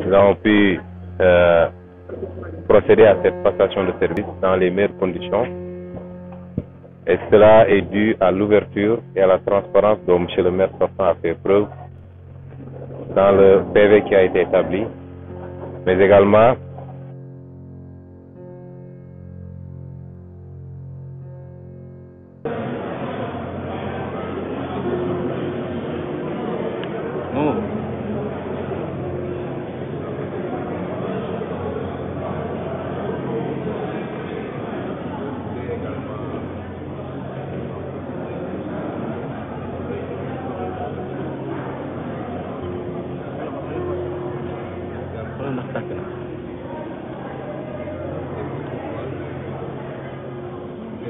nous avons pu euh, procéder à cette prestation de service dans les meilleures conditions. Et cela est dû à l'ouverture et à la transparence dont M. le maire sortant a fait preuve dans le PV qui a été établi, mais également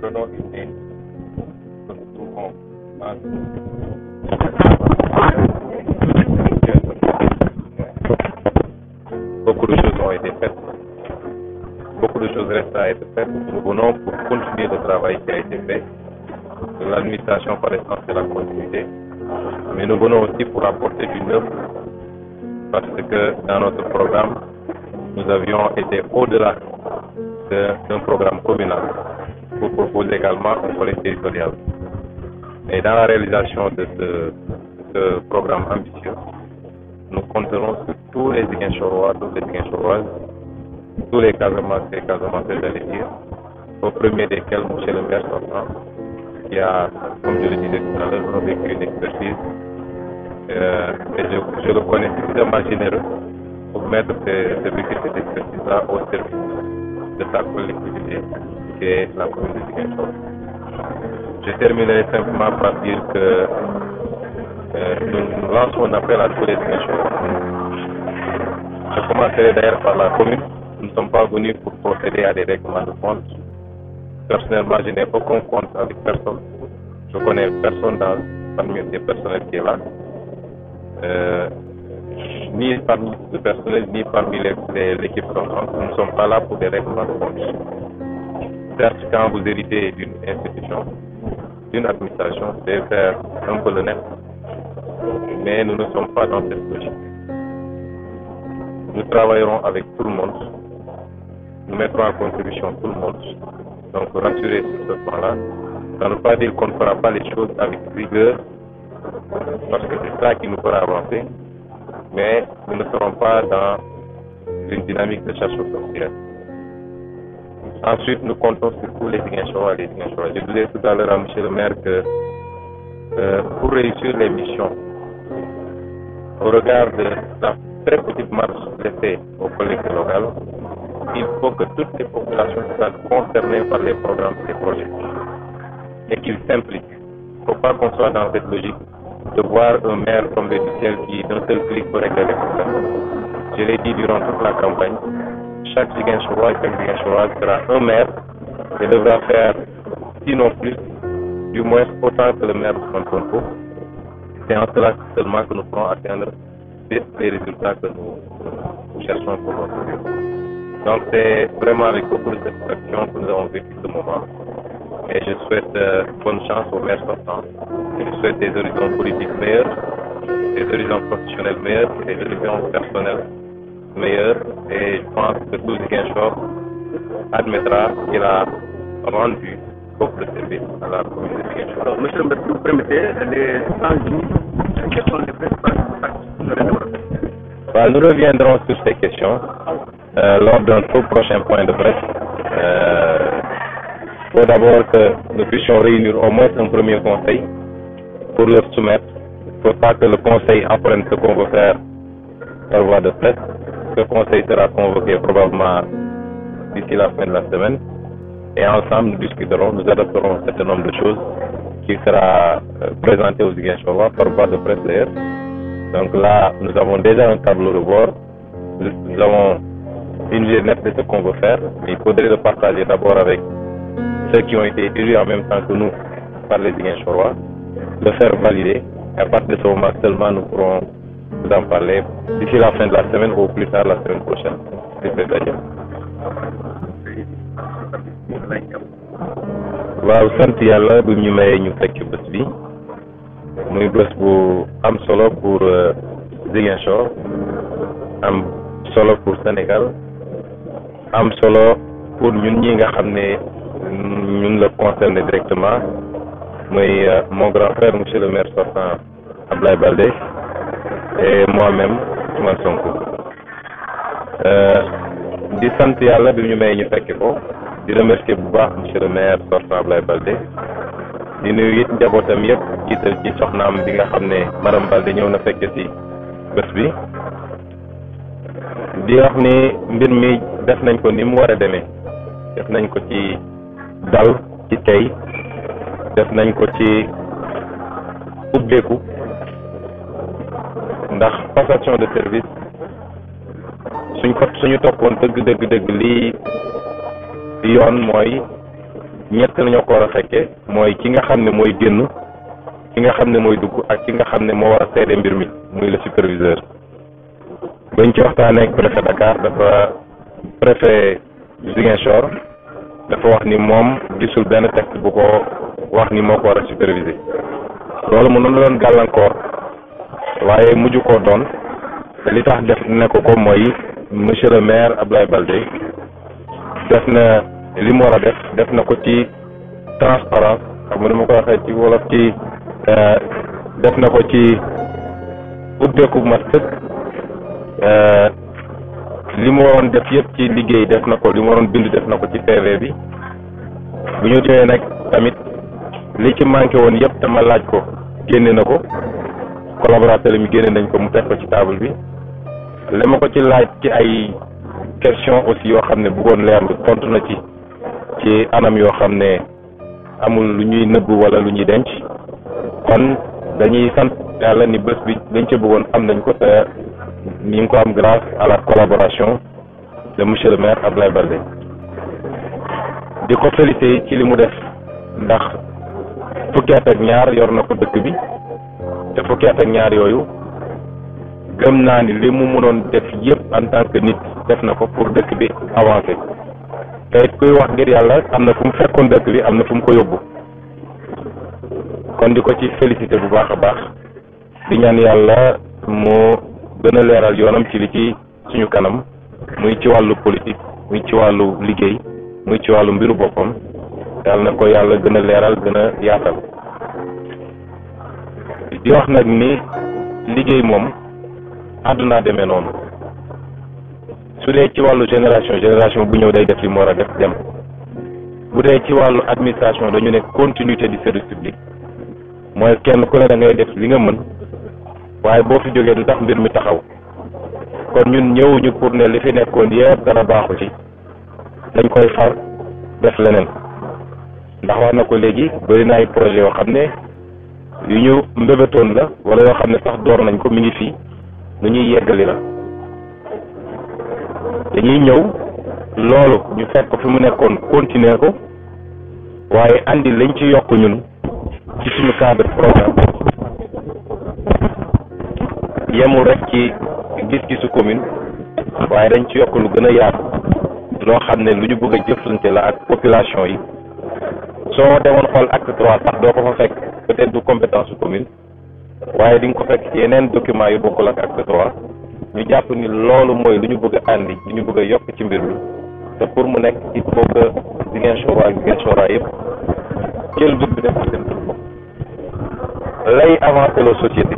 prenons une pour nous Beaucoup de choses ont été faites. Beaucoup de choses restent à être faites. Nous venons pour continuer le travail qui a été fait. L'administration, par exemple, c'est la continuité. Mais nous venons aussi pour apporter du neuf parce que dans notre programme, nous avions été au-delà d'un programme communal vous propose également un volet territorial. Et dans la réalisation de ce, programme ambitieux, nous compterons sur tous les Guinchorois, tous les Guinchoroises, tous les Casamassés, Casamassés, j'allais dire, au premier desquels M. le maire sortant, qui a, comme je le disais tout à l'heure, vécu une expertise. Euh, et je, le connais suffisamment généreux pour mettre ce, ce vécu, cette expertise-là au service de sa collectivité la Je terminerai simplement par dire que euh, nous lançons un appel à tous les Ziguinchor. Je commencerai d'ailleurs par la commune. Nous ne sommes pas venus pour procéder à des règlements de compte. Personnellement, je n'ai aucun compte avec personne. Je connais personne dans, parmi les personnels qui sont là. Euh, ni parmi le personnel, ni parmi l'équipe. Nous ne sommes pas là pour des règlements de compte quand vous héritez d'une institution, d'une administration, c'est faire un colonel. Mais nous ne sommes pas dans cette logique. Nous travaillerons avec tout le monde. Nous mettrons en contribution tout le monde. Donc, rassurez-vous sur ce point-là. Ça ne veut pas dire qu'on ne fera pas les choses avec rigueur, parce que c'est ça qui nous fera avancer. Mais nous ne serons pas dans une dynamique de chasse aux sorcières. Ensuite, nous comptons sur tous les Guinéens et les Je disais tout à l'heure à M. le maire que euh, pour réussir les missions, au regard de la très petite marche laissée au collègue local, il faut que toutes les populations soient concernées par les programmes et les projets et qu'ils s'impliquent. Il ne faut pas qu'on soit dans cette logique de voir un maire comme le qui, d'un seul clic, peut régler les problèmes. Je l'ai dit durant toute la campagne, chaque Ziguinchorois et chaque Ziguinchoroise sera un maire et devra faire, sinon plus, du moins autant que le maire de son concours. C'est en cela seulement que nous pourrons atteindre les résultats que nous cherchons pour notre vie. Donc c'est vraiment avec beaucoup de satisfaction que nous avons vécu ce moment. Et je souhaite euh, bonne chance au maire sortant. Je souhaite des horizons politiques meilleurs, des horizons professionnels meilleurs et des horizons personnels meilleur et je pense que tout Ziguinchor admettra qu'il a rendu beaucoup de service à la commune de Alors, monsieur le vous permettez, les 100 jours, quels sont les principales bah, Nous reviendrons sur ces questions euh, lors d'un tout prochain point de presse. Euh, il faut d'abord que nous puissions réunir au moins un premier conseil pour leur soumettre. Il ne faut pas que le conseil apprenne ce qu'on veut faire par voie de presse. Ce conseil sera convoqué probablement d'ici la fin de la semaine et ensemble nous discuterons, nous adopterons un certain nombre de choses qui sera euh, présenté aux Iguinchorois par voie de presse d'ailleurs. Donc là, nous avons déjà un tableau de bord, nous avons une idée de ce qu'on veut faire, mais il faudrait le partager d'abord avec ceux qui ont été élus en même temps que nous par les Iguinchorois, le faire valider. À partir de ce moment seulement, nous pourrons vous en parler d'ici la fin de la semaine ou plus tard la semaine prochaine. C'est waaw sant yàlla bu ñu mayee ñu fekk bés bi muy bés bu am solo pour euh, Ziguinchor am solo pour Sénégal am solo pour ñun ñi nga xam ne ñun la concerné directement muy euh, mon grand frère monsieur le maire sortant Ablaye Baldé et moi-même Ousmane Sonko euh, di sant yàlla bi ñu may ñu fekke ko di remercier bu baax monsieur le maire sortant Ablaye Baldé di nuyu it njabootam yëpp jiital ci soxnaam bi nga xam ne madame Baldé ñëw na fekke ci bés bi di wax ni mbir mi def nañ ko ni mu war a demee def nañ ko ci dal ci tey def nañ ko ci ubbeeku ndax passation de service suñ ko suñu toppoon dëgg dëgg dëgg lii yoon mooy ñett la ñoo ko war a fekke mooy ki nga xam ne mooy génn ki nga xam ne mooy dugg ak ki nga xam ne moo war a seede mbir mi muy le superviseur bañ ci waxtaanee ak préfet Dakar dafa préfet Chor dafa wax ni moom gisul benn texte bu ko wax ni moo ko war a superviser loolu mu noonu doon gàllankoor waaye mujj ko doon te li tax def ne ko ko mooy monsieur le maire Abdoulaye Baldé def na li mu war a def def na ko ci transparence xam nga ma ko waxee ci wolof ci euh, def na ko ci ubbeeku mat sëkk euh, li mu waroon def yëpp ci liggéey def na ko li mu waroon bind def na ko ci PV bi bu ñu ñëwee nag tamit li ci manqué woon yëpp dama laaj ko génne na ko collaborateur mi génne nañ ko mu teg ko ci table bi li ma ko ci laaj ci ay question aussi yoo xam ne bëggoon leerlu tontu na ci ci anam yoo xam ne amul lu ñuy nëbb wala lu ñuy denc kon dañuy sant yàlla ni bés bi dañ ca bëggoon am nañ ko te ñu ngi ko am grâce à la collaboration de monsieur le maire Abdoulaye Baldé di ko féliciter ci li mu def ndax fukki at ak ñaar yor na ko dëkk bi te fukki ak ñaar yoyu gëm naa ni li mu mënoon def yépp en tant que nit def na ko pour dëkk bi avancé te it kuy wax ngir yàlla am na fu mu fekkoon dëkk bi am na fu mu ko yóbbu kon di ko ci félicité bu baax a baax di ñaan yàlla mu gën a leeral yoonam ci li ci suñu kanam muy ci wàllu politique muy ci wàllu liggéey muy ci wàllu mbiru boppam yàlla na ko yàlla gën a leeral gën a yaatal di wax nag ni liggéey moom àdduna demee noonu su dee ci wàllu génération génération bu ñëw day def li mu war a def dem bu dee ci wàllu administration dañu ne continuité du service public mooy kenn ku ne da def li nga mën waaye boo fi jógee du tax mbir mi taxaw kon ñun ñëwuñu pour ne li fi nekkoon yëpp dara baaxu ci dañ koy far def leneen ndax wax na ko léegi bëri na ay projet yoo xam ne yu ñu mbébétoon la wala yoo xam ne sax door nañ ko mu ngi fi lu ñuy yeggali la dañuy ñëw loolu ñu fekk ko fi mu nekkoon continuer ko waaye andi lañ ci yokk ñun ci suñu cadre programme yemul rek ci gis-gisu commune waaye dañ ci yokk lu gën a yaatu loo xam ne lu ñu bëgg a jëflante la ak population yi soo demoon xool acte trois sax doo ko fa fekk peut du compétence su commune waaye di nga ko fekk ci yeneen document yu bokkul ak acte trois ñu jàpp ni loolu mooy lu ñu bëgg àndi lu ñu bëgg a yokk ci mbir mi te pour mu nekk il faut que Ziguinchor ak Ziguinchor yëpp jël dugub bi defal leen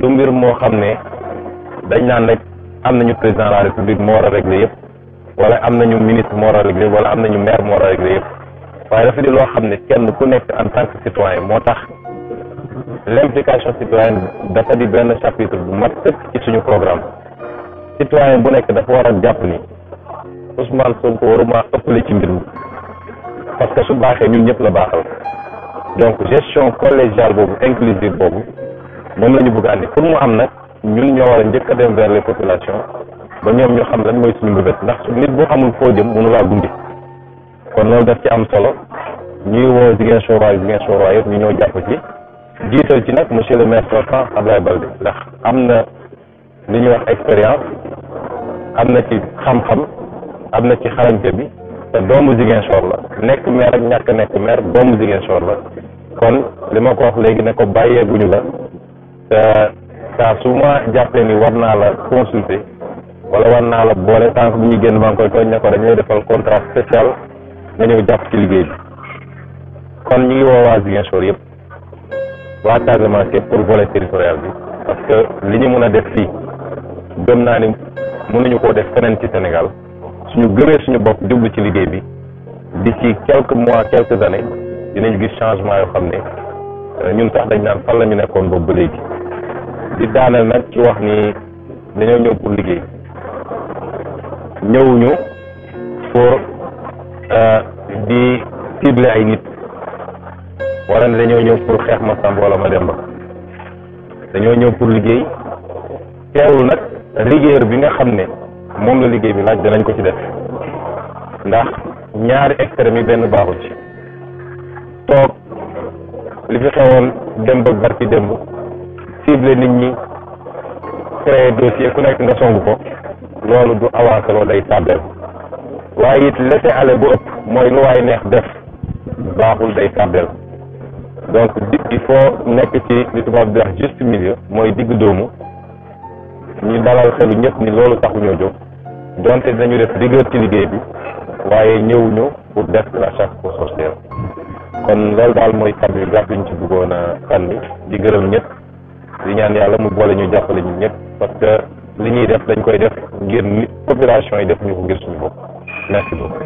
tur mbir moo xam ne dañ naan rek am nañu président de la république moo war a régler wala am nañu ministre moo war a wala am nañu maire moo war a régler waaye dafa di loo xam ne kenn ku nekk en tant que citoyen moo tax l'implication citoyenne dafa di benn chapitre bu mat ci suñu programme citoyen bu nekk dafa war ak jàpp ni Ousmane ko waruma ëppale ci mbir mi parce que su baaxee ñun ñëpp la baaxal donc gestion collégiale boobu inclusive boobu moom la ñu bëgg andi pour mu am nag ñun ñoo war a njëkk a dem vers les populations ba ñoom ñu xam lan mooy suñu mbébét ndax nit boo xamul foo jëm mënu laa gunge kon loolu def ci am solo ñuy woo Ziguinchor waay Ziguinchor waay yëpp ñu ñëw jàpp ci jiital ci nag monsieur le maire sortant Abdoulaye Baldé ndax am na li ñuy wax expérience am na ci xam-xam am na ci xarañte bi te doomu Ziguinchor la nekk maire ak ñàkk nekk maire doomu Ziguinchor la kon li ma ko wax léegi ne ko bàyyeeguñu la te saa su ma jàppee ni war naa la consulter wala war naa la boole tànk bu ñu génn maa ngi koy tooñ ne ko dañuy defal contrat spécial nga ñëw jàpp ci liggéey bi kon ñu ngi woo Ziguinchor yëpp waa Casamance yëpp pour volet territorial bi parce que li ñu mën a def fii gëm naa ni mënuñu koo def feneen ci Sénégal suñu gëmee suñu bopp jublu ci liggéey bi d'ici quelques mois quelques années dinañ gis changement yoo xam ne euh, ñun sax dañ naan fan la ñu nekkoon boobu ba léegi di daaneel nag ci wax ni dañoo ñëw pour liggéey ñëwuñu pour Eh, di cible ay nit wala dañu ñew pour xex ma sàmb wala ma dem ba dañu ñew pour liggéey téwul nak rigueur bi nga xamné mom la liggéey bi laaj dañ ko ci def ndax ñaar extrême yi benn baaxu ci tok li fi xewon dem ba barki dem cible nit ñi créer dossier ku nekk nga songu ko lolu du avancé lolu day tabel waaye it laisser aller bu ëpp mooy lu waay neex def baaxul day tardel donc di il faut nekk ci li tubaab di wax milieu mooy digg doomu ñu dalal xelu ñëpp ni loolu taxuñoo jóg donte dañu def rigueur ci liggéey bi waaye ñëwuñu pour def la chasse aux sorcières kon loolu daal mooy kàddu yu gàtt ñu ci bëggoon a sànni di gërëm ñëpp di ñaan yàlla mu boole ñu jàppale ñu ñëpp parce que li ñuy def dañ koy def ngir nit population yi def ñu ko ngir suñu bopp. merci beaucoup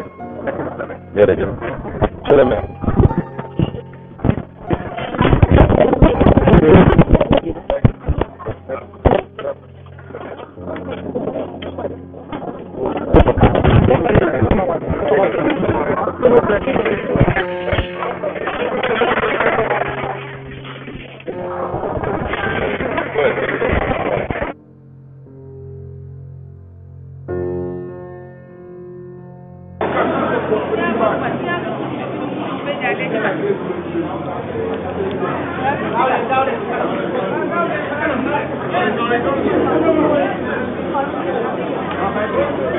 jërëjëf monsieur le maire Thank you.